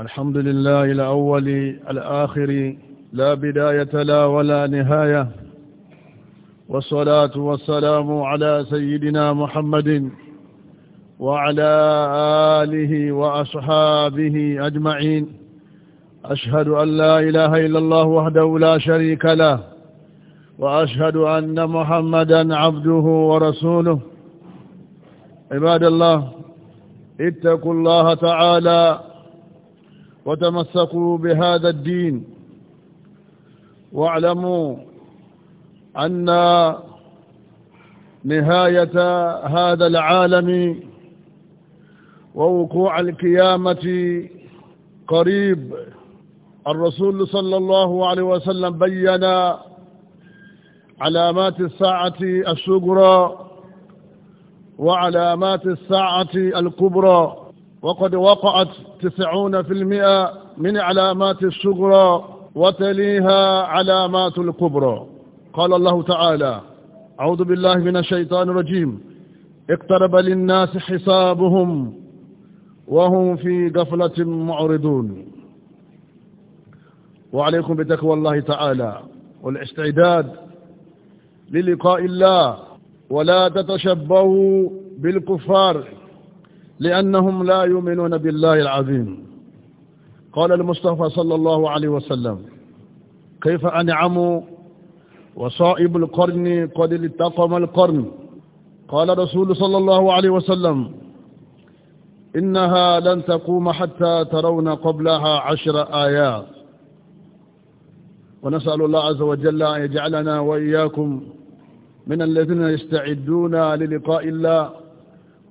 الحمد لله الأول الآخر لا بداية لا ولا نهاية والصلاة والسلام على سيدنا محمد وعلى آله وأصحابه أجمعين أشهد أن لا إله إلا الله وحده لا شريك له وأشهد أن محمدا عبده ورسوله عباد الله اتقوا الله تعالى وتمسكوا بهذا الدين واعلموا أن نهاية هذا العالم ووقوع القيامة قريب الرسول صلى الله عليه وسلم بين علامات الساعة الصغرى وعلامات الساعة الكبرى وقد وقعت تسعون في المئة من علامات الصغرى وتليها علامات الكبرى قال الله تعالى أعوذ بالله من الشيطان الرجيم اقترب للناس حسابهم وهم في غفلة معرضون وعليكم بتقوى الله تعالى والاستعداد للقاء الله ولا تتشبهوا بالكفار لأنهم لا يؤمنون بالله العظيم قال المصطفى صلى الله عليه وسلم كيف أنعم وصائب القرن قد التقم القرن قال رسول صلى الله عليه وسلم إنها لن تقوم حتى ترون قبلها عشر آيات ونسأل الله عز وجل أن يجعلنا وإياكم من الذين يستعدون للقاء الله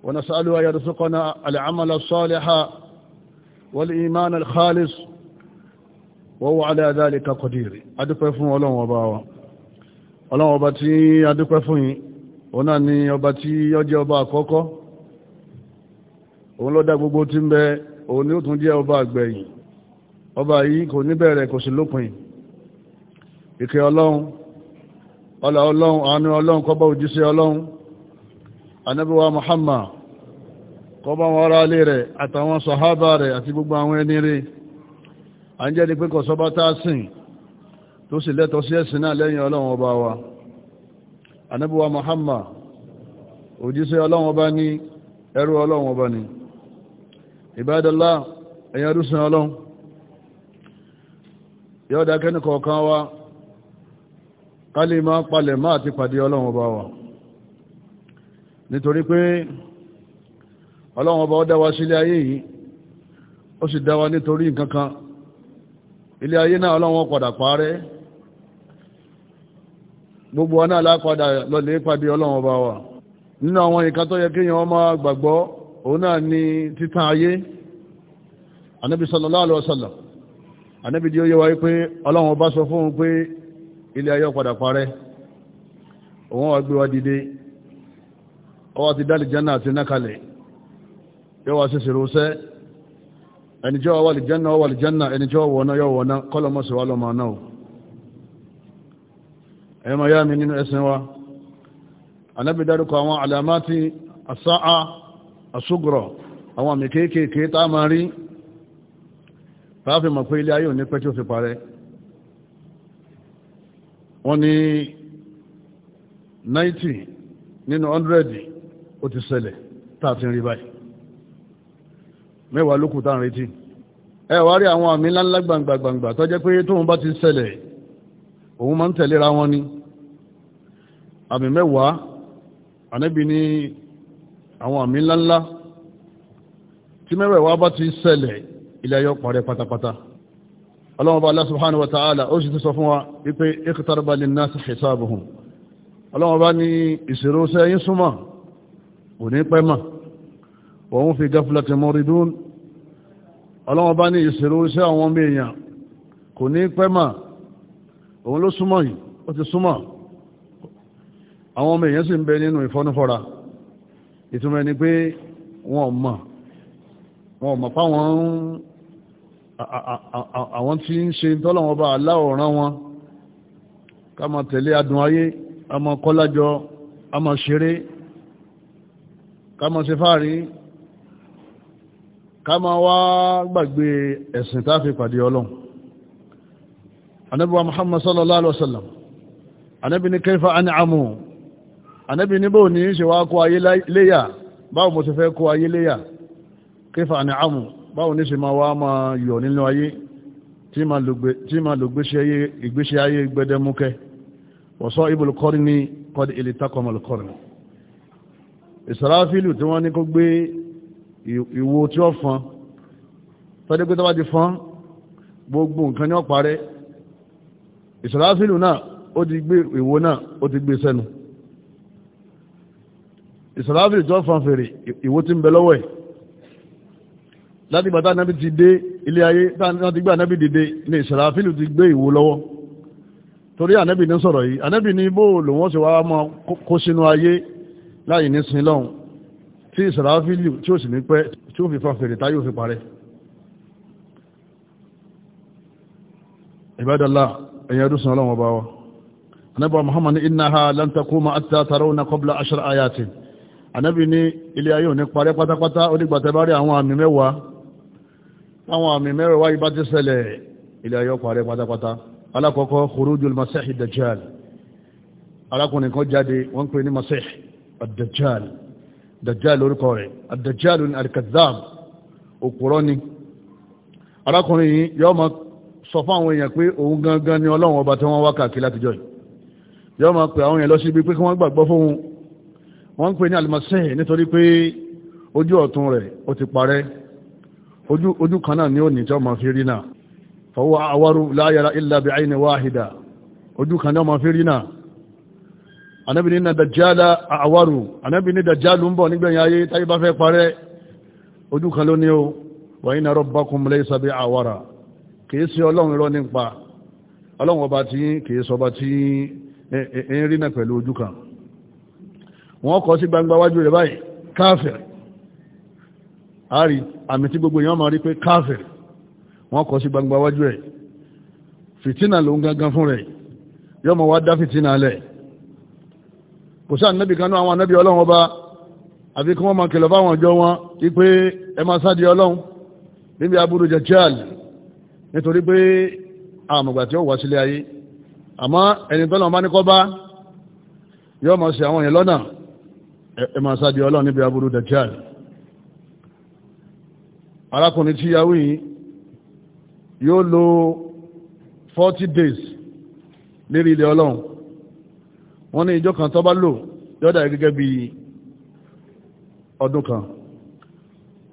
ونسأله أن يرزقنا العمل الصالح والإيمان الخالص وهو على ذلك قدير أدوك فون ولون وباوا ولون وباتي أدوك فون ona ni ọba tí òun lọ́dá gbogbo tí ń bẹ òun ni ó tún jẹ́ ọba àgbẹ̀yìn ọba yìí kò ní bẹ̀rẹ̀ kò sí lópin ìkẹ́ ọlọ́run ọlọ́run àánú ọlọ́run kọ́bọ̀ òjíṣẹ́ ọlọ́run anábíwá Muhammad kó bá wọn ará ilé rẹ̀ àtàwọn sàhábà rẹ̀ àti gbogbo àwọn ẹni rẹ̀ à ń jẹ́ni pé kọ̀sọ́bá tá a tó sì lẹ́tọ̀ sí ẹ̀sìn náà lẹ́yìn ọlọ́run ọba wa anábíwá Muhammad òjíṣẹ́ ọlọ́run ọba ní ẹrú ọlọ́run ọba ní ìbádọ́lá ẹ̀yàn rúsìn ọlọ́run yọ́dá kẹ́nìkọ̀ọ̀kan wa kálí ti pàdé ọlọ́run ọba wa nítorí ọlọ́run ọba ó dá sí ilé ayé yìí ó sì dá nítorí nkankan ilé ayé náà ọlọ́run padà gbogbo wa náà lápadà pàdé ọlọ́run ọba wà nínú àwọn nǹkan tó yẹ kéèyàn gbàgbọ́ òun náà ni di ó pé ọlọ́run ọba sọ pé ilé ayé parẹ́ òun wa dìde ti yóò wá sí ṣèrúṣẹ́ ẹni jẹ́ wà lìjánà wà lìjánà ẹni jẹ́ wọ̀ná yóò wọ̀ná kọ́lọmọ́sí wà lọ́mọ náà ẹ̀yọ́ máa yá mi nínú ẹsẹ̀ wa anábì dárúkọ àwọn àlàmáti asáà asúgùrọ̀ àwọn àmì kéékèèké tá a máa rí tààfin mọ̀ pé 100 ó ti ṣẹlẹ̀ tààfin rí mẹ́wàá lókù tá à ń retí ẹ wá rí àwọn àmì ńláńlá gbangba gbangba tó jẹ́ pé tóun bá ti ṣẹlẹ̀ òun máa ń tẹ̀léra wọn ni àmì mẹ́wàá ànábì ní àwọn àmì ńláńlá tí mẹ́wàá bá ti ṣẹlẹ̀ ilé ayọ́ parẹ́ pátápátá ọlọ́wọ́n bá Allah subhanahu wa ta'ala ó sì ti sọ fún wa wípé iqtaraba linnasi hisabuhum ọlọ́wọ́n bá ní ìṣirò sẹ́yìn súnmọ́ òní pẹ́ mọ́ wọ́n fi gáfúlá ti mọ́ ridún ọlọ́wọ́n bá ní ìṣèrò iṣẹ́ àwọn ọmọ èèyàn kò ní pẹ́ mà òun ló súnmọ́ yìí ó ti súnmọ́ àwọn ọmọ èèyàn sì ń bẹ nínú ìfọ́nufọ́ra ìtumọ̀ ni pé wọ́n mọ̀ wọ́n mọ̀ fáwọn àwọn tí ń ṣe tọ́lọ̀wọ́n bá aláwòrán wọn ká máa tẹ̀lé adùn ayé a máa kọ́lájọ a máa ṣeré ká máa ṣe fáàrí ká máa wá gbàgbé ẹ̀sìn tá fi pàdé ọlọ́run anábíwa muhammad sallallahu alaihi wasallam anábí ní kẹfà á ní àmú anábí níbò ní ṣe wá kó ayé léyà báwo mo ti fẹ́ kó ayé léyà kẹfà á ní àmú báwo ní ṣe máa wá máa yọ̀ nínú ayé tí máa lò ìgbésí ayé gbẹdẹmúkẹ́ wọ̀sọ́ ibùlùkọ́rin ní kọ́dí ilẹ̀ takọ̀mọ̀lùkọ́rin ìsàráfílù tí wọ́n ní kó gbé ìwo tí ó fọn tọ́jú pé tọ́wá ti fọn gbogbo nǹkan ní ọ̀parẹ́ ìsọ̀láfílù náà ó ti gbé ìwo náà ó ti gbé sẹ́nu ìsọ̀láfílù tí ó fọn fèrè ìwo ti ń bẹ lọ́wọ́ ẹ̀ láti bàtà náà ti dé ilé ayé táwọn ti gbé ànábì dìde ní ìsọ̀láfílù ti gbé ìwo lọ́wọ́ torí ànábì ní sọ̀rọ̀ yìí ànábì ní bó lòun ó sì wá máa kó sínú ayé láì ní sin lọ́hùn tí ìsàráfílì tí ó sì ní pẹ́ tí ó fi fa fèrè táyé òfin parẹ́ ìbádàlá ẹ̀yẹ ọdúnsàn ọlọ́wọ́ bá wá anábà muhammad ní iná ha lantakuma àtàtàrà na kọbla ashir ayati anábì ní ilé ayé òní parẹ́ pátápátá onígbàtẹ́bárí àwọn àmì mẹ́wàá àwọn àmì mẹ́wàá ibá ti ṣẹlẹ̀ ilé ayé parẹ́ pátápátá alákọ̀ọ́kọ́ khurujul masih dajjal alákùnrin kan jáde wọ́n pè dajjal lórúkọ rẹ̀ adajjal ní alkazab òpùrọ́ ni arákùnrin yìí yọ́ ma sọ fún àwọn èèyàn pé òun gangan ni ọlọ́run ọba tí wọ́n wá káàkiri látijọ́ yìí yọ́ ma pè àwọn èèyàn lọ sí ibi pé kí wọ́n gbàgbọ́ fóun wọ́n ń pè ní alimọ̀sẹ́yìn nítorí pé ojú ọ̀tún rẹ̀ ó ti parẹ́ ojú kan náà ni ó ní tí wọ́n ma fi rí náà fọwọ́ àwárú la yara illa bi ayni ojú kan náà ma fi rí náà anábì ní dajjala àwárù anábì ní dajjalu ń bọ̀ nígbẹ̀yìn ayé táyé bá fẹ́ parẹ́ ojú kan ló ní o wa inna rabbakum laysa bi àwárà kìí sí ọlọ́run irọ́ nípa ọlọ́run ọba tí kìí sọba tí ń rí náà pẹ̀lú ojú kan wọ́n kọ́ sí gbangba wájú rẹ̀ kò sáà nẹ́bì kan náà àwọn anẹ́bì ọlọ́run ọba àfi kí wọ́n máa kìlọ̀ fáwọn ọjọ́ wọn wípé ẹ máa sáà di ọlọ́run níbi aburú Dajjal nítorí pé àmọ̀gbà tí ó wà sílé ayé àmọ́ ẹni tọ́lọ̀ bá ní kọ́ bá yóò máa ṣe àwọn yẹn lọ́nà ẹ máa sáà di ọlọ́run níbi aburú Dajjal arákùnrin tí yahoo yìí yóò lo forty days lérí ilé ọlọ́run wọ́n ní ìjọ kan tó bá lò yọ́dà gẹ́gẹ́ bí ọdún kan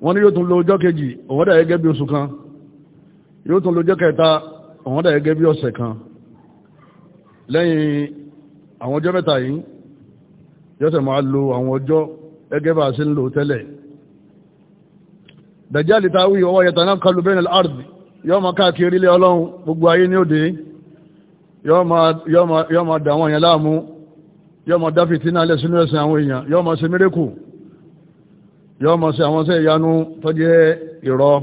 wọ́n ní yóò tún lo ọjọ́ kejì òun gẹ́gẹ́ bí oṣù kan yóò tún lo ọjọ́ kẹta òun gẹ́gẹ́ bí ọ̀sẹ̀ kan lẹ́yìn àwọn ọjọ́ mẹ́ta yìí yọ́sẹ̀ máa lo àwọn ọjọ́ gẹ́gẹ́ bá a ṣe ń lò tẹ́lẹ̀ dàjáàlì ta wí ọwọ́ yẹta náà kalu bẹ́ẹ̀ ard yọ́ máa káàkiri ilé ọlọ́run gbogbo ayé ní òde yọ́ máa dà wọ́n yẹn láàmú yọ́ mọ̀ dáfì tí náà lẹ́sìn lẹ́sìn àwọn èèyàn yọ́ mọ̀ ṣe mérékù yọ́ mọ̀ ṣe àwọn ṣe ìyanu tó jẹ́ irọ́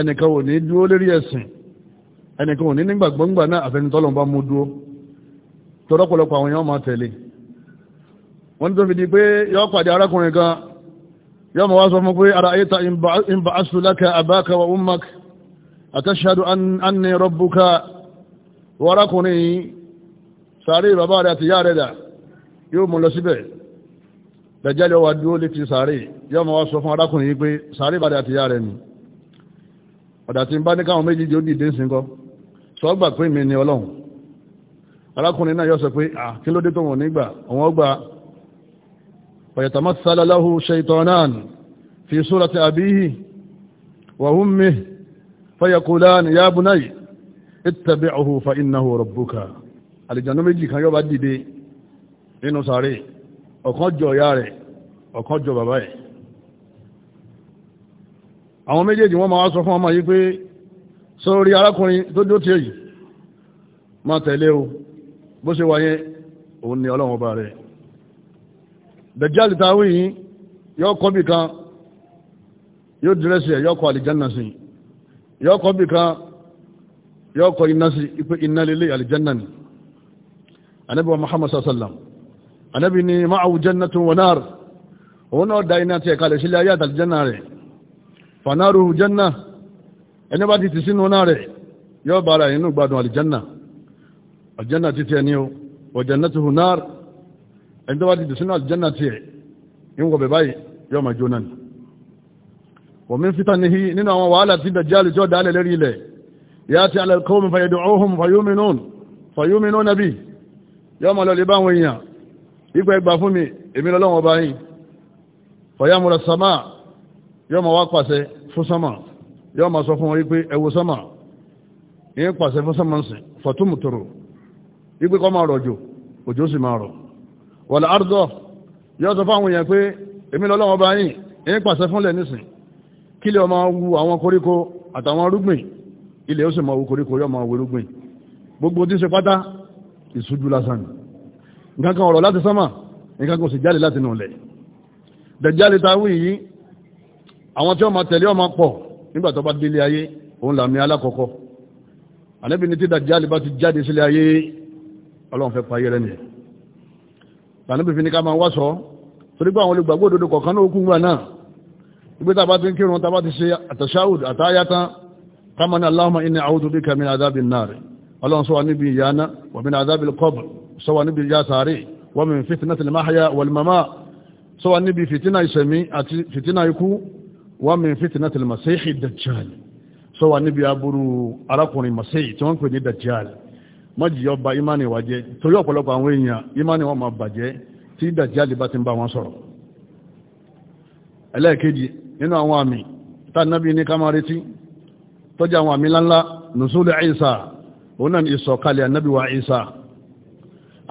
ẹnìkan ò ní dúó lérí ẹ̀sìn ẹnìkan ò ní nígbàgbọ́ngbà náà àfẹnitọ́lọ́ bá mú dúó tọ́rọpọ̀lọpọ̀ àwọn èèyàn máa tẹ̀lé wọ́n tó fi di pé yọ́ pàdé arákùnrin kan yọ́ mọ̀ wá sọ fún pé ara ayéta ìmbà asùlákà àbáka wa ummak àtàṣàdù anni rabbuka wọ́n arákùnrin yìí sàárè bàbá rẹ̀ àti ìyá rẹ̀ dà yóò mú lọ síbẹ̀ dàjálì ọwà dúró létí sàárè yóò mọ̀ wá sọ fún arákùnrin yìí pé sàárè bàbá rẹ̀ àti ìyá rẹ̀ ni ọ̀dà tí ń bá ní káwọn méjì jò dìde ń sinkọ́ sọ gbà pé mi ni ọlọ́run arákùnrin náà yóò sọ pé à kí ló dé tó wọn nígbà àwọn ọgbà ọ̀yẹ̀tàmọ́ sálálàhù ṣaitanan fi surati abihi wa ummihi fayakulani ya bunay ittabi'uhu fa innahu rabbuka àlìjànú méjì kan yọ́ bá dìde nínú sàárè ọ̀kan jọ ìyá rẹ̀ ọ̀kan jọ bàbá ẹ̀ àwọn méjèèjì wọ́n máa wá sọ fún ọmọ yìí pé sórí arákùnrin tó dó tí èyí máa tẹ̀lé o bó ṣe wáyé òun ni ọlọ́run ọba rẹ̀ dẹ̀jáàlì táwí yìí yọ́ kọ́bì kan yóò dírẹ́sì ẹ̀ yọ́ kọ àlìjánà sí yọ́ kọ́bì kan yọ́ kọ iná sí ipé iná lélẹ̀ àlìjánà ni anábì wa muhammad sallam anábì ni ma'awu jannatun wa nar òun náà da iná ti ẹ̀ka lè sílẹ̀ ayé àtàlì janna rẹ̀ fanaru janna ẹni bá ti ti sínú náà rẹ̀ yóò bára inú gbádùn àlìjanna àlìjanna ti tiẹ̀ ni o wa jannatuhu nar ẹni tó bá ti ti sínú àlìjanna tiẹ̀ ìwọ̀n bẹ̀ báyìí yóò máa jóná ni wọ́n mi fita nihi nínú àwọn wàhálà dajjal tí ó dálẹ̀ lérí ilẹ̀ yá ti alẹ́ kọ́ mi fayẹ̀dùn ọ́hùn fayóminú fayóminú yọ́ ma lọlẹ̀ báwọn èèyàn ipò ẹgbà fún mi èmi lọ́lọ́wọ́ bá yìí fọ̀yàmùrà sàmà yọ́ ma wá pàṣẹ fún sàmà yọ́ ma sọ fún wọn ipò ẹwọ sàmà yẹn pàṣẹ fún sàmà sí fọ̀túmùtòrò ipò kọ́ máa rọ̀jò òjò sì máa rọ̀ wọ̀lá àrùdọ̀ yọ́ sọ fáwọn èèyàn pé èmi lọ́lọ́wọ́ bá yìí yẹn pàṣẹ fúnlẹ̀ nísìn kílẹ̀ ọmọ wu àwọn koríko àtàwọn arúgbìn ilẹ̀ ó sì máa wu koríko yọ́ máa wu irúgbìn gbogbo tí ṣe pátá ìṣújú lásán nǹkan kan ọ̀rọ̀ láti sánmà nǹkan kan sì jáde láti nà lẹ̀ dẹ̀jáde ta wí yìí àwọn tí wọ́n máa tẹ̀lé ọmọ pọ̀ nígbà tó bá délé ayé òun làmì alákọ̀ọ́kọ́ ànábì ní tí dàjáde bá ti jáde sílé ayé ọlọ́run fẹ́ payé rẹ̀ nìyẹn lànàbì fi ní ká máa wá sọ torí a bá ti a bá ti ṣe àtàṣáwùd àtàyátán ká máa ọlọ́run sọ wa níbi ìyáná wa min azabil qabr sọ wa níbi ìyá sàárè wa min fitnatil mahya wal mamat sọ wa níbi fìtínà ìṣẹ̀mí àti fìtínà ikú wa min fitnatil masihi dajjal sọ wa níbi aburú arákùnrin masihi tí wọ́n ń pè ní dajjal mọ́jìyà ọba imani wa jẹ́ torí ọ̀pọ̀lọpọ̀ àwọn èèyàn imani wọn ma bàjẹ́ tí dajjal bá ti ń bá wọn sọ̀rọ̀ ẹlẹ́ẹ̀kejì nínú àwọn àmì tá nábì ní ká máa àwọn àmì ńláńlá nùsùlù Ìsá òun náà ni ìsọ̀kalẹ̀ annabi wa isa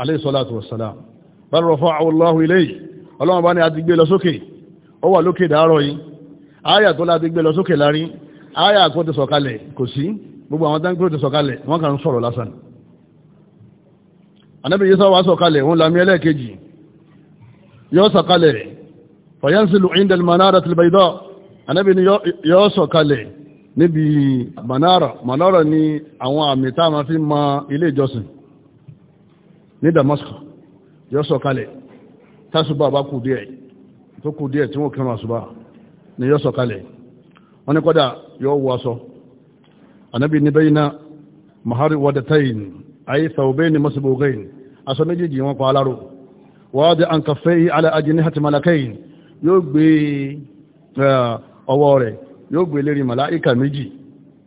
alayhi salatu wassalam bal rafa'ahu Allahu ilayhi ọlọ́wọ́n bá ní a ti gbé lọ sókè ó wà lókè dàárọ̀ yìí àyà tó láti gbé lọ sókè lárí àyà kó ti sọ̀kalẹ̀ kò sí gbogbo àwọn tán kó ti sọ̀kalẹ̀ wọ́n kàn ń sọ̀rọ̀ lásán annabi isa wá sọ̀kalẹ̀ òun lami ẹlẹ́ẹ̀kejì yóò sọ̀kalẹ̀ fayansilu inda al-manaratil bayda annabi ni yóò sọ̀kalẹ̀ níbi manara manara ni àwọn àmì tá a máa fi mọ ilé ìjọsìn ní Damascus yóò sọ kalẹ̀ tásùbà bá kù díẹ̀ tó kù díẹ̀ tí wọ́n kírun àsùbà ni yóò sọ kalẹ̀ wọ́n ní kọ́dà yóò wọ aṣọ anabi ní bẹ́yìn náà mahari wadatayin ayé sàwọ́bẹ́ ni mọ́sibọ́gẹ́yìn aṣọ méjèèjì wọn pa aláró wọ́n dẹ àǹkàfẹ́ yìí alẹ́ ajé ní hàtìmálàkẹ́yìn yóò gbé ọwọ́ rẹ̀ yóò gbé lérí màláíkà méjì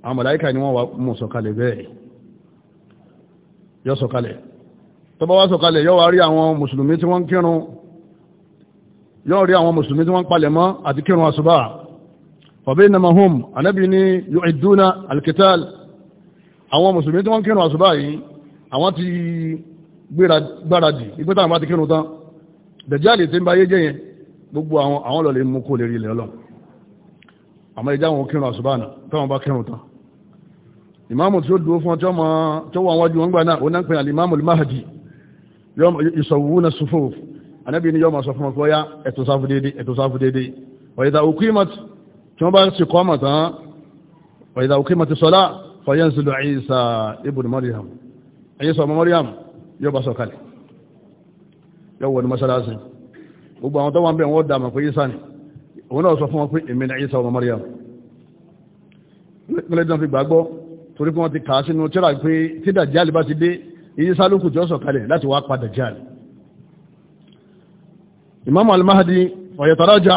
àwọn màláíkà ni wọ́n wá mú sọ̀kalẹ̀ bẹ́ẹ̀ yóò sọ̀kalẹ̀ tó bá wá sọ̀kalẹ̀ yóò wá rí àwọn mùsùlùmí tí wọ́n kírun yóò rí àwọn mùsùlùmí tí wọ́n palẹ̀ mọ́ àti kírun àsùbá ọ̀bẹ́ namahum anábì ní yu'idduna alkital àwọn mùsùlùmí tí wọ́n kírun àsùbá yìí àwọn ti gbáradì ipé táwọn bá ti kírun tán dẹ̀jáàlì tí ń bá yé jẹ́ gbogbo àwọn lọ lè mú kó lè rí ilẹ̀ ọlọ́run àmọ́ ìjà àwọn kírun àṣùbáànà táwọn bá kírun tán ìmáàmù tí ó dúró fún ọjọ́ mọ́ tó wà wájú wọn gbà náà ó náà pè alìmáàmù al-mahdi ìṣọ̀wú na sufuf anábì ni yọ́ ma sọ fún ọkọ̀ ya ẹ̀tọ́ sáfù dédé ẹ̀tọ́ sáfù dédé ọ̀yẹ̀dà òkúìmọ̀tì tí wọ́n bá sì kọ́ mọ̀ tán ọ̀yẹ̀dà òun náà sọ fún wọn pé èmi ní Ìsá ọmọ Maryam nílẹ̀ ìdánfi gbàgbọ́ torí pé wọ́n ti kà á sínú tíra pé tí Dàjáàlì bá ti dé iye sálùkù tí ó sọ̀ kalẹ̀ láti wá pa Dàjáàlì Imam al-Mahdi ọ̀yẹ̀tàrájà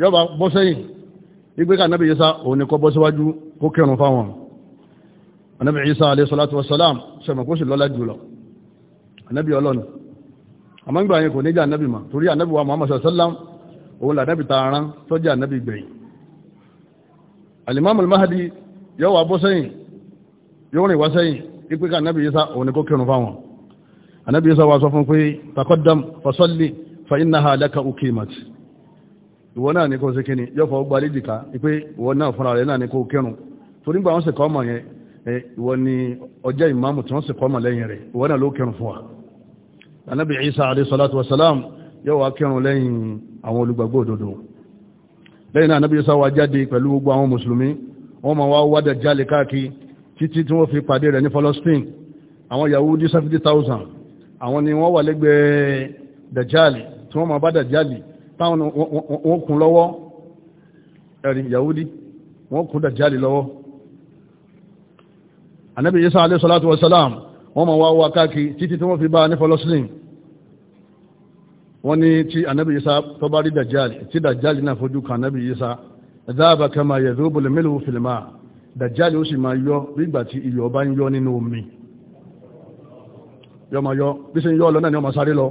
yọba bọ́ sẹ́yìn igbe ká anábì Ìsá òun ni kọ́ bọ́ síwájú kó kẹrùn fáwọn anábì Ìsá alayhi salatu wassalam sẹ́mọ̀ kó sì lọ́lá jùlọ anábì ọlọ́ni àmọ́ ń gbà yẹn kò ní jẹ́ anábì mà torí anábì wa Muhammad sallam òun làdábì ta arán tọ́jà nábì gbẹ̀yìn alimami mahadi yóò wá bọ́ sẹ́yìn yóò rìn wá sẹ́yìn ipe ká nábì yísá òun ni kó kírun fáwọn anábì yísá wa sọ fún pé takọ́dám fasọ́lì fa iná ha lẹ́ka ukimat ìwọ náà ni kó ṣe kíni yóò fọ gbalẹ̀ dìka ipe ìwọ náà fúnra rẹ̀ náà ni kó kírun torí gbà wọ́n sì kọ́ ọmọ yẹn ìwọ ni ọjọ́ ìmáàmù tí wọ́n sì kọ́ ọmọ lẹ́yìn rẹ̀ ìwọ náà ló kírun fún wa anábì yísá alayhi salatu yóò wá kírun lẹ́yìn àwọn olùgbàgbọ́ òdodo lẹ́yìn náà anábìyẹsá wa jáde pẹ̀lú gbogbo àwọn mùsùlùmí wọ́n ma wá wádà jálè káàkiri títí tí wọ́n fi pàdé rẹ̀ ní Palestine àwọn Yahudi 70,000 àwọn ni wọ́n wà lẹ́gbẹ̀ẹ́ dajali tí wọ́n ma bá dajali táwọn wọ́n kún lọ́wọ́ ẹ̀rì Yahudi wọ́n kún dajali lọ́wọ́ anábìyẹsá alẹ́ sọ́látù wasalam wọ́n ma wá wá káàkiri títí tí wọ́n fi bá ní Palestine wọ́n ní tí anábì isa tó bá rí dajjali tí dajjali náà fojú kan anábì isa dáàbà kama yadhubu al-milhu fil ma' dajjali ó sì máa yọ nígbà tí iyọ̀ bá ń yọ nínú omi yọ ma yọ bí sí yọ lọ náà ni ọmọ sáré lọ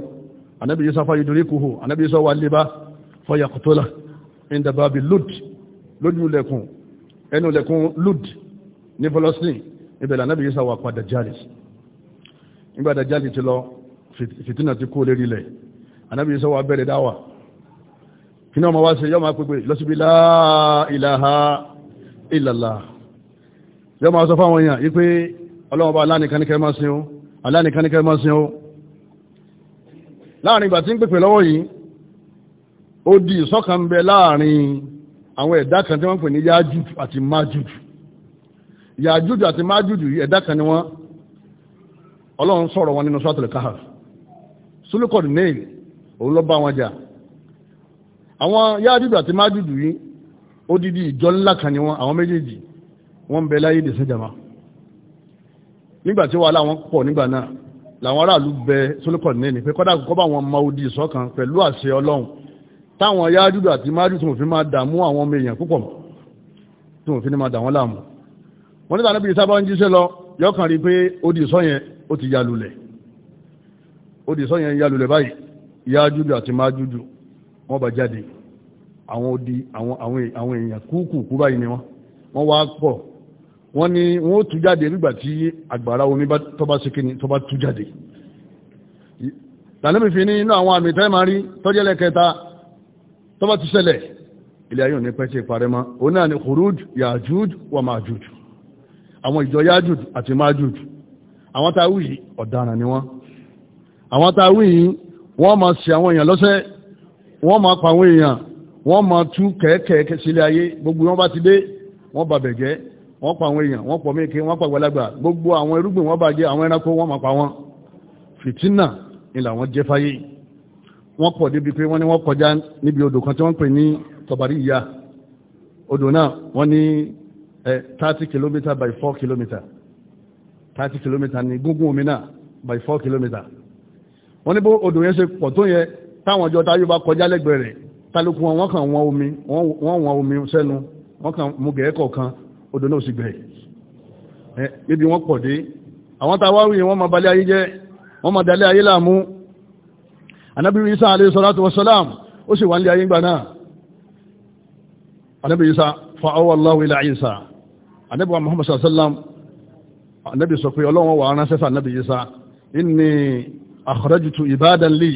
fa yudrikuhu anábì isa wà lè fa yaqtula inda babi lud lójú lẹ́kùn ẹnu lẹ́kùn lud ní Palestine ibẹ̀ lànàbì isa wà pa dajjali nígbà dajjali ti lọ fìtínà ti anábì Ìsá wá bẹ̀rẹ̀ dáwà kí ní ọmọ wá ṣe yọ́ máa pẹ́pẹ́ lọ́síbí la ilaha illallah yọ́ máa sọ fáwọn èèyàn yí pé ọlọ́wọ́ bá aláàníkaníkẹ́ máa sin ó aláàníkaníkẹ́ máa sin ó láàrin ìgbà tí ń pèpè lọ́wọ́ yìí ó di ìṣọ̀kan bẹ láàrin àwọn ọlọ́run sọ̀rọ̀ wọn nínú sọ́tẹ̀lẹ̀ káhà sulukọ̀dù neil òun lọ bá wọn jà àwọn yáàdìdù àti máàdìdù yìí odidi ìjọ ńlá kan ni wọn àwọn méjèèjì wọ́n bẹ láyé dẹ̀sẹ̀ jama nígbàtí wàhálà wọn pọ̀ nígbà náà làwọn aráàlú bẹ sólùkọ̀ nẹ́ni pé kọ́dà kọ́ bá wọn ma odi ìṣọ̀kan pẹ̀lú àṣẹ ọlọ́run táwọn yáàdìdù àti máàdìdù tó fi máa dààmú àwọn ọmọ èèyàn púpọ̀ tó fi ní máa dà wọ́n láàmú wọ́n nígbà níbi ìsábà ń jíṣẹ́ lọ yọkàn rí pé odi ìṣọ́ yẹn ó ti yalulẹ̀ odi ìṣọ́ yẹn yalulẹ̀ báyìí yájújù àti májújù wọ́n bá jáde àwọn odi àwọn èèyàn kúkùkú báyìí ni wọ́n wọ́n wá pọ̀ wọ́n ní wọ́n tú jáde nígbà tí àgbàrá omi tó bá ṣe kíni tó bá tú jáde tàbí fi ní inú àwọn àmì tẹ́mà rí tọ́jẹ́lẹ̀ kẹta tó bá ti ṣẹlẹ̀ ilé ayé òní pẹ́sẹ̀ parẹ́ mọ́ ó náà ni khuruj yájújù wà májújù àwọn ìjọ yájújù àti májújù àwọn táwí ọ̀daràn ni wọ́n àwọn táwí yìí wọ́n máa ṣe àwọn èèyàn lọ́sẹ̀ wọ́n máa pa àwọn èèyàn wọ́n máa tú kẹ́ẹ̀kẹ́ẹ̀kẹ́ sílé ayé gbogbo wọn bá ti dé wọ́n bà bẹ̀jẹ́ wọ́n pa àwọn èèyàn wọ́n pọ̀ méèké wọ́n pa gbalagbà gbogbo àwọn irúgbìn wọ́n bàjẹ́ àwọn ẹranko wọ́n máa pa wọn fìtínà ilà wọn jẹ́ fáyé wọ́n pọ̀ débi pé wọ́n ní wọ́n kọjá níbi odò kan tí wọ́n pè ní tọ̀bàrí ìyá odò náà wọ́n ní thirty kilometre by four kilometre thirty kilometre ni gúngún omi náà by four kilometre wọ́n ní bó odò yẹn ṣe pọ̀ tó yẹ táwọn ọjọ́ táyé bá kọjá lẹ́gbẹ̀ẹ́ rẹ̀ tálùkù wọn wọ́n kàn wọ́n omi wọ́n wọ́n omi sẹ́nu wọ́n kàn mú gẹ̀ẹ́ kọ̀ọ̀kan odò náà sì gbẹ̀ẹ́ níbi wọ́n pọ̀ dé àwọn tàwárí wọ́n ma balẹ̀ ayé jẹ́ wọ́n ma dalẹ̀ ayé láàmú anábì Isa alayhi salatu wassalam ó sì wà ní ayé gbà náà anábì Isa fa'awa Allahu ila Isa anábì wa Muhammad sallallahu sallam anábì sọ pé ọlọ́wọ́ wà ránṣẹ́ sa anábì Isa inni àkọ́dájútu ìbáadà lè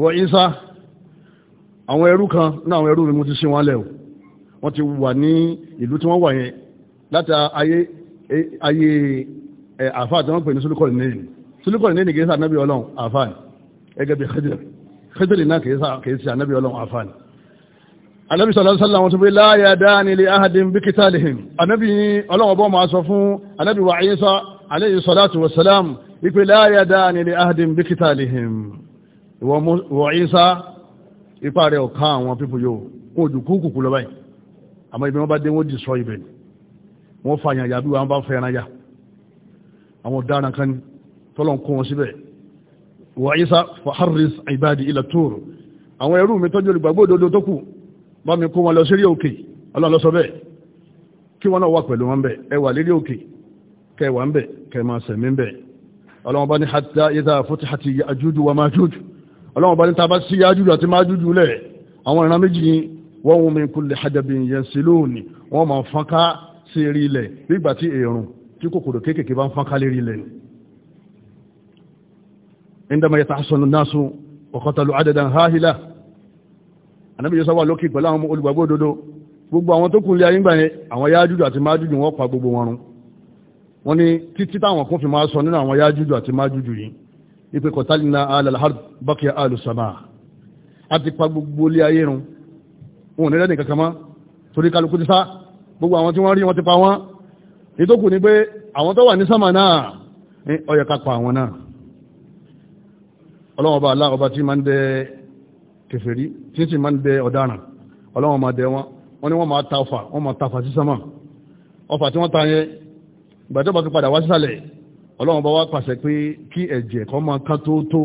wọ ìsá àwọn ẹrú kan náà àwọn ẹrú mi mú ti sí wọn lẹ̀ wọ́n ti wà ní ìlú tí wọ́n wà yẹn láti ayé e, e, àfáà tí wọ́n pè ní sólúkọ̀ nínú sólúkọ̀ nínú kìí sá nábì ọlọ́run àfáà ẹgẹ́ bí Khidir Khidir náà kìí sá nábì ọlọ́run àfáà anábì sọ̀lọ́sọ́lá wọn tó fi láyà alayhi salatu wa salam wípé láàrin àdáni lè ahdim bí kìtà lè Wa ìwọ̀ ìsá ipá rẹ̀ ọ̀ká àwọn pípò yóò kó ojú kúkùkù lọ báyìí àmọ́ ibi sọ ni fa wọn bá fẹ́ ẹran yà àwọn ọ̀daràn kan tọ́lọ̀n kó wọn síbẹ̀ ìwọ̀ fa harris ibadi ila tur àwọn ẹrú mi tọ́jú gbagbo òdodo tó mi kó lọ sírí oke. ọlọ́run lọ sọ ọlọ́wọ́n bá ní hatta idha futihat ya'juj wa ma'juj ọlọ́wọ́n bá ní tàbá sí ya'juj àti ma'juj lẹ̀ àwọn ìran méjì wọ́n wọ́n min kulli hadabin yansiluni wọ́n máa fọ́nká sí eré ilẹ̀ nígbà tí èrùn tí kòkòrò kéékèèké bá ń fọ́nká lérí ilẹ̀ indama yata'assanu nasu wa qatalu adadan hahila anábìyẹ sáwà lókè pẹ̀lú àwọn olùgbàgbọ́ òdodo gbogbo àwọn tó kù wọ́n ní títí táwọn kan fi máa sọ nínú àwọn yájújù àti májújù yìí ipe kọtálínà alàlhard bákẹ́ alùsàmà àti pa gbogbo ilé ayé run wọn ní rẹ́nì kankan mọ́ torí kálukú ti sá gbogbo àwọn tí wọ́n rí wọn ti pa wọ́n ìtókù ni pé àwọn tó wà ní sámà náà ní ọyọ̀ ká pa àwọn náà ọlọ́wọ́n bá aláwọ̀bá tí máa ń dẹ kèfèrí tí sì máa ń dẹ ọ̀daràn ọlọ́wọ́n máa dẹ wọn wọ́n ní wọ́n máa ta ọfà wọ́n máa ta ọfà sí sámà ọfà tí wọ́n ta yẹn ìgbàjọ́ bá tún padà wá sísàlẹ̀ ọlọ́run bá wá pàṣẹ pé kí ẹ̀jẹ̀ kan máa kán tó tó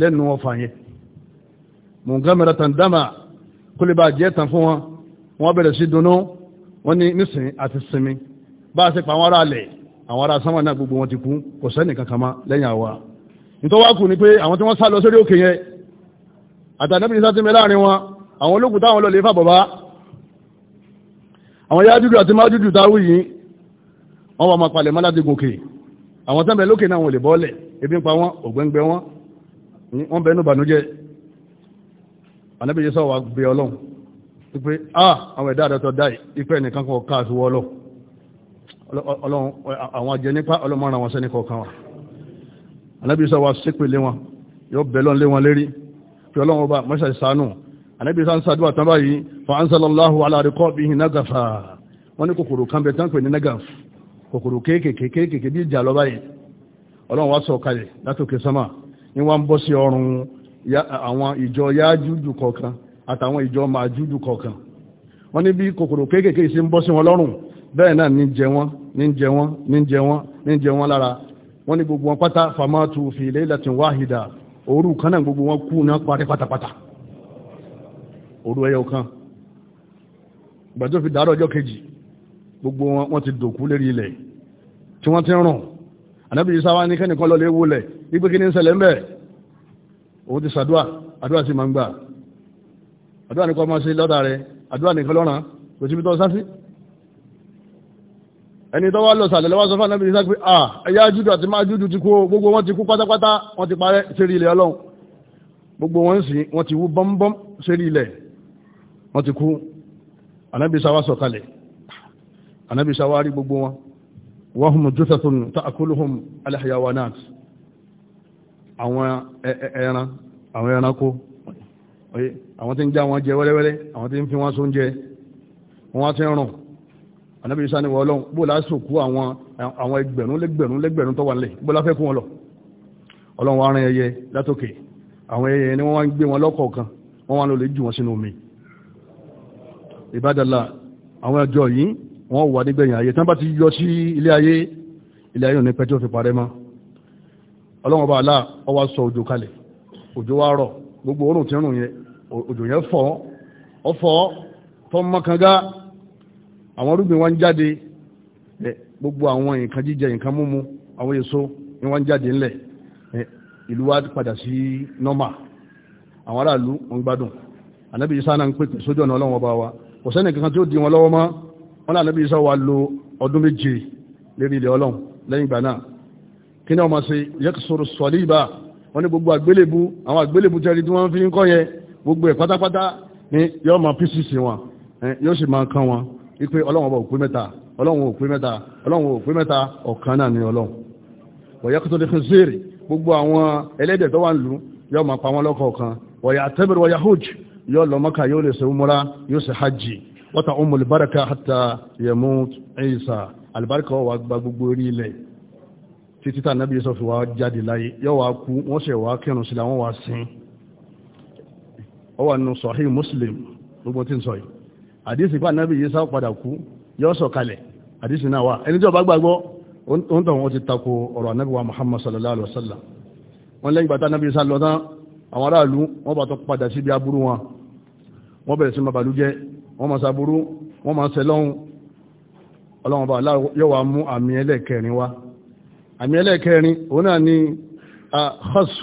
lẹ́nu ọfà yẹn mọ̀ngàmẹ́ra tàndámà kó lè bá jẹ́ tàn fún wọn wọ́n bẹ̀rẹ̀ sí dunnú wọ́n ní nísìn àti sinmi bá a ṣe pa àwọn ará alẹ̀ àwọn ará sánmà náà gbogbo wọn ti kú kò sẹ́nì kankan mọ́ lẹ́yìn àwa nítorí wá kù ni pé àwọn tí wọ́n sá lọ sórí òkè yẹn àtànẹ́bìnrin sá ti mẹ́ láàrin wọn àwọn olókùn táwọn lọ lè fà bọ̀bá àwọn yájúdù àti májúdù táwù yìí wọ́n wọ́n máa palẹ̀ mọ́ láti gòkè àwọn tán bẹ lókè náà wọ́n lè bọ́ọ̀lẹ̀ ebi ń pa wọ́n ògbẹ́ngbẹ́ wọ́n wọ́n bẹ̀ẹ́nu bànújẹ́ anábìyẹ sọ́wọ́ gbé ọlọ́run pé ah àwọn ẹ̀dá àdọ́tọ̀ dáì ipẹ́ nìkan kan ká àti wọ́ọ́lọ́ ọlọ́run àwọn àjẹ nípa ọlọ́mọ́ràn wọn sẹ́ni kọ̀ọ̀kan wa anábìyẹ sọ́wọ́ sípèlé wọn yóò bẹ̀ lọ́n lé wọn lérí pé ọlọ́run ọba fa ansalallahu ala riqabihi nagafa wọ́n ní kòkòrò kan bẹ̀ tán pè ní kòkòrò kéékèèké kéékèèké bí ìjà lọ́ba yìí ọlọ́run wá sọ kalẹ̀ látòkè sánmà ní wọ́n ń bọ́ sí ọrùn àwọn ìjọ yájújù kọ̀ọ̀kan àtàwọn ìjọ màjújù kọ̀ọ̀kan wọ́n ní bí kòkòrò sí ń bọ́ sí wọn lọ́rùn bẹ́ẹ̀ náà ní jẹ wọ́n ní jẹ wọ́n ní jẹ wọ́n ní jẹ wọ́n lára wọ́n ní gbogbo wọn pátá famatu fi òru kan náà gbogbo wọn kú náà parí pátápátá òru ẹyọ kan fi dàárọ̀ ọjọ́ kejì gbogbo wọn ti dòkú lérí ilẹ̀ tí wọ́n ti ń rùn ànábì Ìsá wá ní kẹ́nìkan lọ lè wulẹ̀ wípé kí ní ń ṣẹlẹ̀ ń bẹ̀ òun ti sàdúà àdúà sì máa ń gbà àdúà nìkan máa ṣe lọ́dà rẹ̀ àdúà nìkan lọ́ràn kò síbi tó sá sí ẹni tó wá lọ sàlẹ̀ lọ́wọ́ sọ fún ànábì Ìsá pé à ẹ̀yà júdù àti máa júdù ti kú gbogbo wọn ti kú pátápátá wọn ti parẹ́ sérí ilẹ̀ ọlọ́run gbogbo wọn sì wọn ti wú bọ́m̀bọ́m sérí ilẹ̀ wọn ti kú ànábì Ìsá sọ̀kalẹ̀ anábì ṣàwárí gbogbo wọn wọ́n hùmù jùsàtún tààkùlùhùn aláhìyàwánát àwọn ẹran àwọn ẹranko àwọn tí ń já wọn jẹ wẹ́rẹ́wẹ́rẹ́ àwọn tí ń fi wọn sún jẹ wọn wá ti ń rùn anábì ṣá ni wọ́n lọ́n bó lásòkú àwọn ẹgbẹ̀rún lẹ́gbẹ̀rún lẹ́gbẹ̀rún tó wà nílẹ̀ bó láfẹ́ kún wọn lọ ọlọ́run wá rán àwọn ẹyẹ yìí wọ́n wà nígbẹ̀yìn ayé tí wọ́n bá ti yọ sí ilé ayé ilé ayé òní pẹ́ tí ó fi parẹ́ mọ́ ọlọ́wọ́n bá aláà ọ wá sọ òjò kalẹ̀ òjò wá rọ̀ gbogbo oòrùn tí ń rùn yẹn òjò yẹn fọ́ ọ fọ́ tọ́ mọ́kangá àwọn rúgbìn wá ń jáde gbogbo àwọn nǹkan jíjẹ nǹkan múmu àwọn èso ni wọ́n ń jáde ńlẹ̀ ìlú wa padà sí nọ́mà àwọn aráàlú ń gbádùn ànábìyí sáà náà ń pèpè sójú ọ̀nà ọlọ́wọ́n bá wa kò sẹ́nìkan tí ó di wọn lọ́wọ́ mọ́ wọ́n náà lẹ́bí iṣẹ́ wa lo ọdún méje lérí ilẹ̀ ọlọ́run lẹ́yìn ìgbà náà kí ni wọ́n máa ṣe sọ̀lí ìbá wọ́n ní gbogbo àgbélébú àwọn àgbélébú tẹ́rí tí wọ́n fi ń kọ́ yẹn gbogbo ẹ̀ pátápátá ni yóò máa pcc wọn yóò sì máa kán wọn wípé ọlọ́run ọba òpin mẹ́ta ọlọ́run òpin mẹ́ta ọlọ́run òpin mẹ́ta ọ̀kan náà ni ọlọ́run wọ̀yẹ́kìsọ̀rọ̀ fẹ́sẹ̀rì gbogbo àwọn ẹlẹ́dẹ̀ tó wà ń lù yóò máa pa wọn lọ́kọ̀ọ̀kan wọ̀yà tẹ́bẹ̀rẹ̀ wọ̀yà hajj yóò lọ mọ́kà yóò lè ṣe wọ́ta ọmọ albarka hata yẹmú ẹ̀yìsà albarka wà gba gbogbo orí ilẹ̀ títí tà nábi sọ fi wá jáde láyé yọ́ wá kú wọ́n sẹ̀ wá kẹrùn sílẹ̀ wọ́n wá sin ọ wà nù muslim gbogbo tí ń sọ pa nábi yìí padà kú yọ́ sọ kalẹ̀ àdísì náà wà ẹni tí ó bá gbàgbọ́ òun tàn wọ́n ti tako ọ̀rọ̀ anábi wa muhammad sallallahu alaihi wasallam wọ́n lẹ́yìn gbàtà nábi sá lọ tán àwọn aráàlú wọ́n bá tó padà síbi aburú wọn wọ́n bẹ̀rẹ̀ sí mabalú jẹ́ wọ́n máa sàbúrú wọ́n máa ṣe lọ́hun ọlọ́run bá yóò wá mú àmì ẹlẹ́ẹ̀kẹrin wá àmì ẹlẹ́ẹ̀kẹrin òun náà ni khasf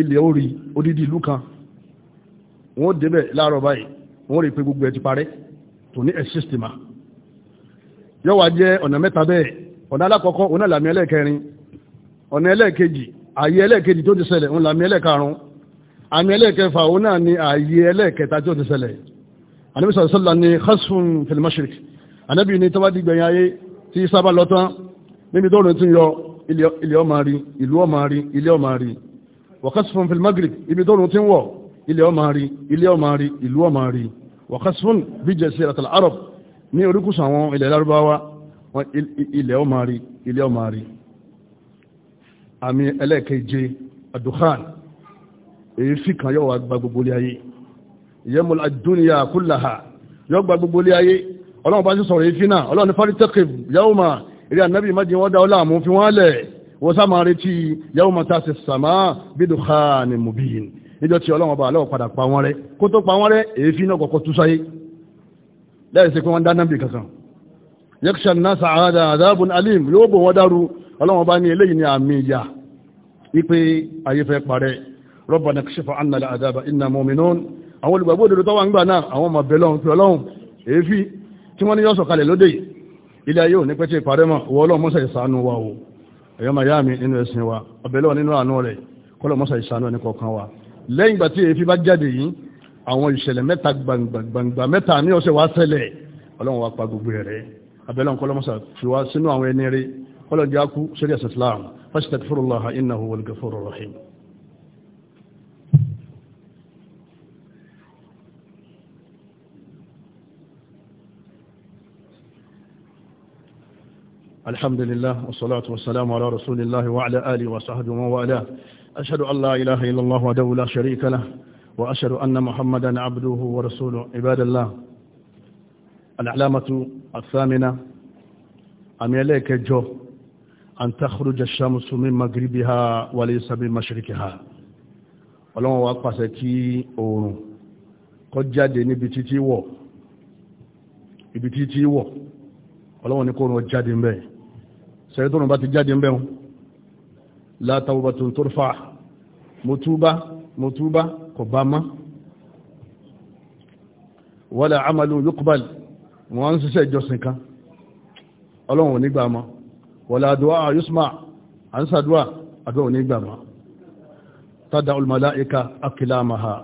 ilẹ̀ orí odidi ìlú kan wọ́n débẹ̀ láàárọ̀ báyìí wọ́n rí pé gbogbo ẹ̀ ti parẹ́ tó ní ẹ̀sísìtìmà yóò wá jẹ́ ọ̀nà mẹ́ta bẹ́ẹ̀ ọ̀nà alákọ̀ọ́kọ́ òun náà làmì ẹlẹ́ẹ̀kẹrin ọ̀nà ẹlẹ́ẹ̀kejì ààyè ẹlẹ́ẹ̀kejì tó ti ṣẹlẹ̀ òun làmì ẹlẹ́ẹ̀karùn-ún àmì ẹlẹ́ẹ̀kẹfà òun náà ni ààyè ẹlẹ́ẹ̀kẹta tó ti ṣẹlẹ̀ anabi sallallahu alaihi wasallam ni khasfun fil mashriq anabi ni tọ́wá dìgbà yẹn ayé tí sábà lọ́tán níbi tó rìn tún yọ ilé ọmọ rí ìlú ọmọ rí ilé ọmọ rí wa khasfun fil maghrib ibi tó rìn tún wọ̀ ilé ọmọ rí ilé ọmọ rí ìlú ọmọ rí wa khasfun bi jasiratil arab ní oríkùsùn àwọn ilẹ̀ lárúbáwá ilé ọmọ rí ilé ọmọ rí àmì ẹlẹ́ẹ̀keje àdùkán èyí fìkan yóò wá gba gbogbo ilé ayé yẹmọ àdúnyà kúláha yọ gba gbogbo ilé ayé ọlọ́run bá ti sọ̀rọ̀ yìí fínà ọlọ́run ní fárí tẹ́kẹ̀ yàwó ma eré ànábì má jẹ́ wọ́n dá ọlá àmú fi wọ́n lẹ̀ wọ́n sá máa retí yàwó ma ta ṣe sàmá bídò ha ni mubin níjọ́ tí ọlọ́run bá aláwọ̀ padà pa wọ́n rẹ́ kó tó pa wọ́n rẹ́ èéfín náà kọ̀kọ́ tú sáyé lẹ́yìn sí pé wọ́n dá nábì kankan yẹ́kṣà náà sàádà àdáàbùn alim yóò bò wọ́n dárú ọlọ́run bá ní eléyìí ní àmì ìyà ipe ayé fẹ́ parẹ́ rọ́bà náà kṣẹ́fà annala àdáàbà inna àwọn olùgbàgbọ́ òdodo tó wà ńgbà náà àwọn ọmọ bẹ̀lọ́ fi ọlọ́run èéfì tí wọ́n ní yọ́ sọ̀kalẹ̀ lóde ilé ayé ò ní pẹ́ tí ìparẹ́ mọ̀ wọ́n ọlọ́run mọ́sà ìsànú wa o ẹ̀yọ́ màyá mi nínú ẹ̀sìn wa ọbẹ̀lọ́ nínú àánú rẹ̀ kọ́lọ̀ mọ́sà ìsànú ẹni kọ̀ọ̀kan wa lẹ́yìn ìgbà tí èéfì bá jáde yìí àwọn ìṣẹ̀lẹ̀ mẹ́ta gbangba mẹ́ta ní ọ̀sẹ̀ wa الحمد لله والصلاة والسلام على رسول الله وعلى آله وصحبه ومن والاه أشهد أن لا إله إلا الله وحده لا شريك له وأشهد أن محمدا عبده ورسوله عباد الله العلامة الثامنة أم يليك جو أن تخرج الشمس من مغربها وليس من مشرقها ọlọ́run وقفت pàṣẹ kí oòrùn kó jáde níbi títí wọ̀ ibi títí wọ̀ ọlọ́run sẹ́yìn tó rùn bá ti jáde ń bẹ́ wọn la tawbatun turfa mo túbá mo túbá kò bá mọ́ wala amalu yuqbal wọ́n ń ṣiṣẹ́ ìjọsìn kan ọlọ́run onígbà mọ́ wala du'a yusma à ń sàdúwà àdúrà onígbà mọ́ tádà olùmọ̀láìka akìlámàhà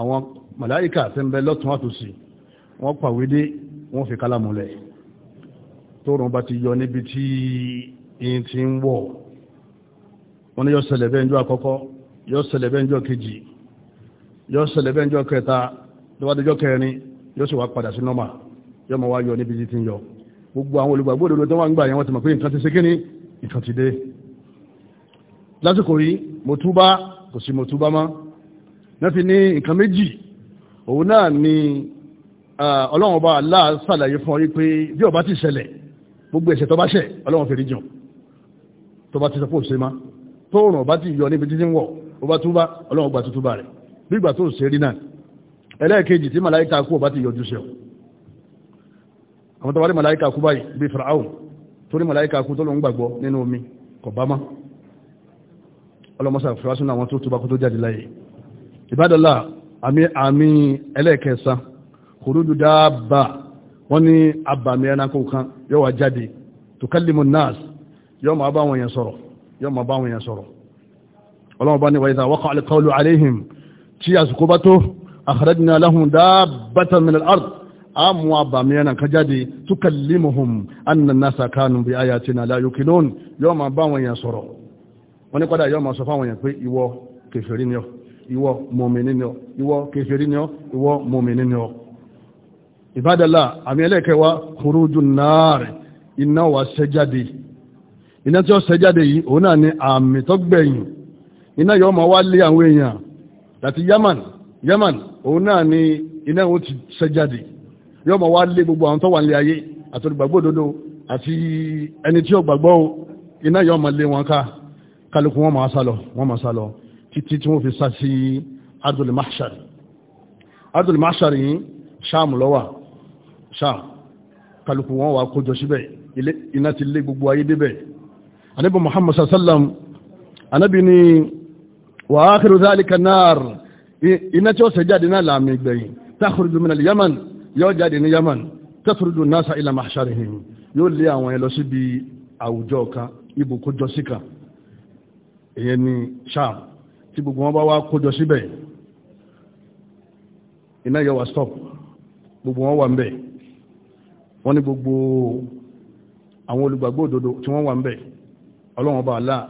àwọn mọ̀láìka àti ń bẹ lọ́tún àtòsí wọ́n pàwédé wọ́n fi kálámù lẹ́yìn tóòrùn bá ti yọ níbi tí in ti ń wọ̀ wọ́n ní yọ ṣẹlẹ̀ bẹ́ẹ̀ njọ́ àkọ́kọ́ yọ ṣẹlẹ̀ bẹ́ẹ̀ njọ́ kejì yọ ṣẹlẹ̀ kẹta lọ́wọ́dọ́jọ́ kẹrin yóò sì wá padà sí nọ́mà yọ ma wá yọ níbi tí ti ń yọ gbogbo àwọn olùgbàgbọ́ òdodo tó wà ń gbà yẹn wọ́n ti mọ̀ pé nǹkan ti ṣe kíní nǹkan ti dé lásìkò yìí mo túbá kò sí mo túbá mọ́ náà fi ní nǹkan méjì òun náà ni ọlọ́run ọba aláà ṣàlàyé fún ọ yí pé bí ó ti ṣẹlẹ̀ gbogbo ẹ̀ṣẹ̀ tó bá ṣẹ̀ ọlọ́run fèrè jùn tó bá ti sọ fóòsè má tó rùn ọba ti yọ níbi títí ń wọ̀ ọba túbá ọlọ́run gba tútú bá rẹ̀ bí ìgbà tó ṣe rí náà ẹlẹ́ẹ̀kejì tí màláìka kú ọba ti yọjú ṣe àwọn tọwárí màláìka kú báyìí bí Fáráò tó ní màláìka kú tó lọ ń gbàgbọ́ nínú omi kọ̀bámá ọlọ́mọsà fìwásùn àwọn wọ́n ní abàmì ẹranko kan yóò wá jáde tukalimu nas yóò máa bá wọn yẹn sọ̀rọ̀ yóò máa bá wọn yẹn sọ̀rọ̀ ọlọ́run bá ní wáyé ta wákọ̀ alikọ́lu aléhìm tí àsìkò bá tó akhrajna lahum dábàtà min al-ard a mú abàmì ẹran kan jáde tukalimuhum anna nasa kanu bi ayatina la bá wọn yẹn sọ̀rọ̀ wọ́n ní padà ìbádàlá àmì ẹlẹ́kẹwa kúrújù náàrì iná wà sẹ́jáde iná tí ó sẹ́jáde yìí òun náà ni àmì tó gbẹ̀yìn iná yọ ma wá lé àwọn èèyàn láti Yaman Yaman òun náà ni iná ó ti sẹ́jáde yọ ma wá lé gbogbo àwọn tó wà nílé ayé àti olùgbàgbọ́ òdodo àti ẹni tí ó gbàgbọ́ iná yọ ma lé wọn ká kálukú wọn máa sálọ wọn máa sálọ títí tí wọ́n fi sá sí Ardul Mahshar Ardul Mahshar yìí Ṣáàmù ló sham kálukú wọn wà kójọ síbẹ̀ iná ti lé gbogbo ayé débẹ̀ anábì muhammad sallam anábì ni wà ákìrò zálika náà iná tí ó sẹ jáde náà láàmì gbẹ̀yìn tákùrùdù min al-yaman yóò jáde ní yaman tákùrùdù nasa ila mahsharihim yóò lé àwọn ẹlọ síbi àwùjọ kan ibù kójọ síkà èyẹ ni sham tí gbogbo wọn bá wá kójọ síbẹ̀ iná yóò wà stop gbogbo wọn wà ń wọ́n ní gbogbo àwọn olùgbàgbọ́ òdodo tí wọ́n wà ń bẹ̀ ọlọ́wọ́n bá aláà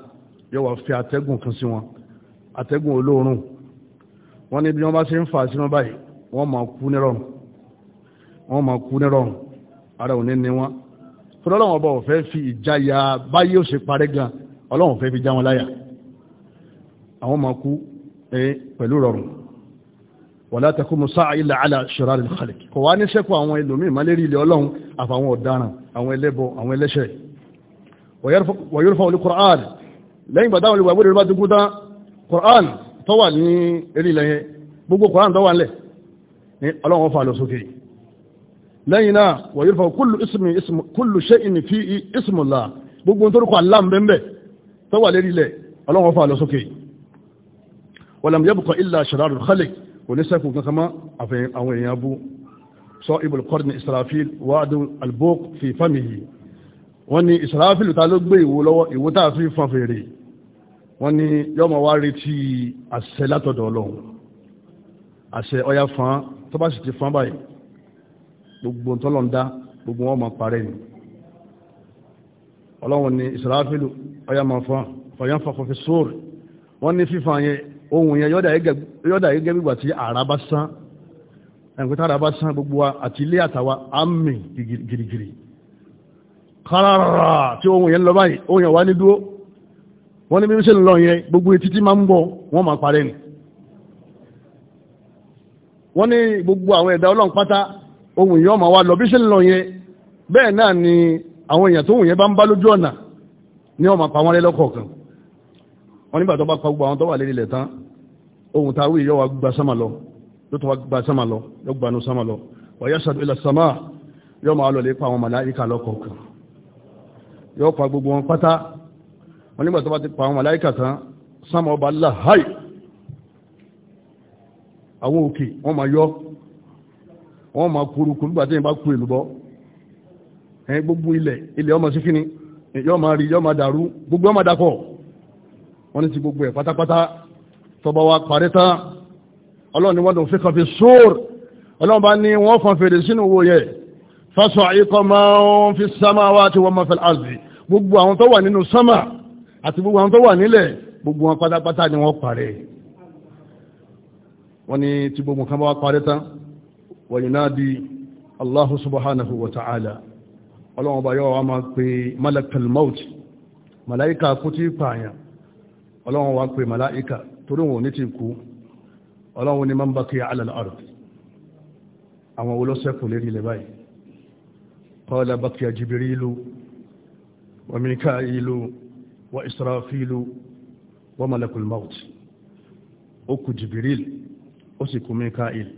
yóò wá fi atẹ́gùn kan sí wọn atẹ́gùn olóòórùn wọ́n ní bí wọ́n bá ṣe ń fà sínú báyìí wọ́n máa kú nírọ̀rùn wọ́n máa kú nírọ̀rùn ara òní ni wọ́n fúnra ọlọ́wọ́n bá ọ̀fẹ́ fi ìjáyà báyé ó ṣe parẹ́ gan ọlọ́wọ́n fẹ́ fi já wọn láyà àwọn máa kú eh, pẹ̀lú rọrùn wala takumu sa'a illa ala shirar al-khaliq kò wá ní sẹ́kù àwọn ẹlòmí ìmálérí ilẹ̀ ọlọ́run àfàwọn ọ̀daràn àwọn ẹlẹ́bọ àwọn ẹlẹ́ṣẹ̀ wọ̀yọ́rọ̀fà olú Qur'an lẹ́yìn gbàdá olú Qur'an tó wà ní eré ilẹ̀ yẹn gbogbo Qur'an tó wà lẹ̀ ní ọlọ́run fà lọ sókè lẹ́yìn náà wọ̀yọ́rọ̀fà kullu ismi kullu shay'in fi ismullah gbogbo tó rúkọ Allah mbẹ́mbẹ́ tó kò ní sẹ́kù kankan mọ́ àwọn èèyàn bú sọ ibùl qarni israfil wa'dun albok fi famihi wọ́n ní israfil ta ló gbé ìwo lọ́wọ́ ìwo tá a fi fan fèrè wọ́n ní yọ́mọ̀ wá retí àṣẹ látọ̀dọ̀ ọlọ́run àṣẹ ọya fan tó bá sì ti fan báyìí gbogbo tọ́lọ̀ ń dá gbogbo wọn ma parẹ́ ni ọlọ́run ní israfilu ọya ma fan fàyàn fàkọ̀fẹ́ sóòrì wọ́n ní fífan yẹn ohun yẹn yọ́dà gẹ́gẹ́ bígbà tí àrá sán sán gbogbo wa àti ilé àtàwà àmì gìrìgìrì káràrà tí ohun yẹn lọ báyìí ohun yẹn wá ní dúró wọ́n ní mímísẹ́ lọ yẹn gbogbo etí tí máa ń bọ̀ wọ́n máa parẹ́ ni wọ́n ní gbogbo àwọn ẹ̀dá ọlọ́run ohun yẹn wa lọ bí lọ yẹn ohun ta yọ wa gba sama lọ yóò tó wa gba sama lọ yóò gbanú sama lọ wà yá sàdó ilẹ̀ sama yóò máa lọ lè pa àwọn màláìka lọ́kọ̀ọ̀kan yóò pa gbogbo wọn pátá wọn nígbà tó bá ti pa àwọn tán sama ọba láhàì àwọn òkè wọn máa yọ wọn máa bá kú gbogbo ilẹ̀ ilẹ̀ ọmọ sí kíni máa rí máa dàrú gbogbo ọmọ dàpọ̀ wọn ti gbogbo pátápátá tọba wa parí tán ọlọ́run ni wọ́n dùn fíkan fi sóòr ọlọ́run bá ní wọ́n fọn fèrè sínú wo yẹ fásọ ikọ̀ máa ń fi sámá wá àti wọ́n máa fẹ́ àzì gbogbo àwọn tó wà nínú sámà àti gbogbo àwọn tó wà nílẹ̀ gbogbo wọn pátápátá ni wọ́n parí wọ́n ní tí gbogbo kan bá wá parí tán wọ́n yìí náà di Allahu subhanahu wa ta'ala ọlọ́run bá yọ wa máa pe malakal maut malaika kú tí pààyàn ọlọ́run wa pe malaika torí wọn ò ní ti kú ọlọ́run ni máa ń bá kí alàlá ọ̀rọ̀ àwọn olóṣẹ́kù lérí ilẹ̀ báyìí kọ́lá bá kí jibirilu wa mikailu wa israfilu wa malakul maut ó kù jibiril ó sì kù mikail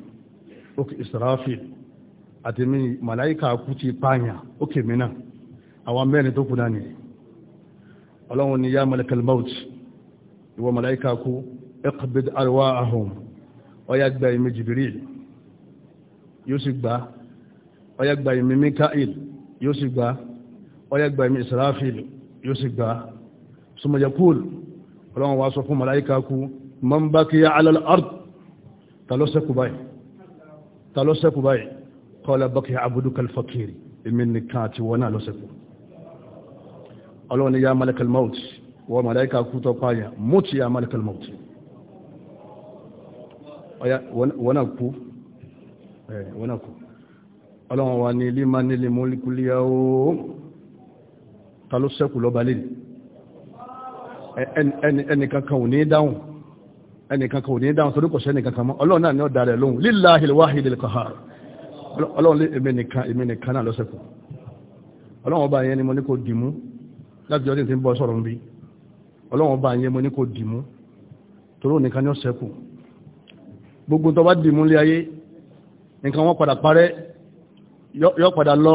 ó kù israfil àti màláíkà kú ti pààyàn ó kè mí náà àwọn mẹ́rin tó kù náà ni ọlọ́run ni yá malakul maut ìwọ màláíkà kú ẹkùnbẹ̀dẹ̀ àríwá ahùn ọya gba ìmì jìbìrìl yóò sì gbá ọya gba ìmì mikael yóò sì gbá ọya gba ìmì israfil yóò sì gbá sumayakul ọlọ́wọ́n wá sọ fún malaika kú man baqiya ala al-ard talọ́sẹ̀kù báyìí kọ́lá baqiya abduka al-fakir èmi nìkan àti wọn náà lọ́sẹ̀kù ọlọ́wọ́n ni ya malakal maut wọ́n malaika kú tọ́ pààyàn mú ti ya malakal maut wọ́n náà kú wọ́n náà kú ọlọ́wọ́n wa ní ilé máa nílé mọ́líkúlíà ó ta ló sẹ́kù lọ́ba lè ẹnìkankan ò ní dáhùn ẹnìkankan ò ní dáhùn torí mọ́ ọlọ́run náà ni ó darẹ̀ lóhùn lillahil wahidil qahhar ọlọ́run lé èmi nìkan náà lọ́sẹ̀kù ọlọ́run ọba yẹn ni mo ní kò dìmú láti ọdún sẹ́kù gbogbo tó bá dì múlé ayé nǹkan wọn padà parẹ́ yọ padà lọ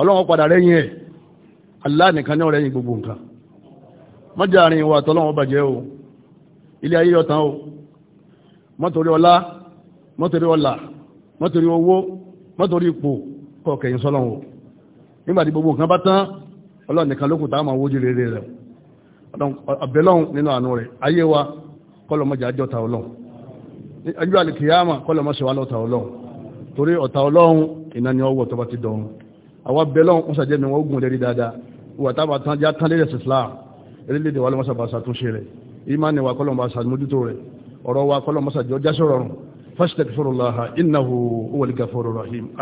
ọlọ́wọ́n padà rẹ́yìn ẹ̀ Allah nìkan ní ọ̀rẹ́yìn gbogbo nǹkan mọ́jà àrin ìwà àtọ́lọ́wọ́n bàjẹ́ o ilé ayé yọ̀tán o mọ́tòrí ọlá mọ́tòrí ọlà mọ́tòrí owó mọ́tòrí ipò kọ̀ọ̀kẹ̀yìn sọ́lọ́wọ́ nígbàtí gbogbo nǹkan bá tán ọlọ́run nìkan ló kù tá a máa wójú rere rẹ̀ ọ̀bẹ̀lọ́run nínú àánú rẹ̀ ayé wa kọ́lọ́mọ́jà àjọta ọlọ́run ẹjọ́ alìkìyàmà kọ́lọ̀ mọ́ sí wa lọ́ta ọlọ́run torí ọ̀ta ọlọ́run iná ni ọwọ́ tọba ti dọ̀run àwọn abẹ́lọ́run ń sàjẹ́ mi wọ́n gùn lérí dáadáa wà tábà tán já tán lérí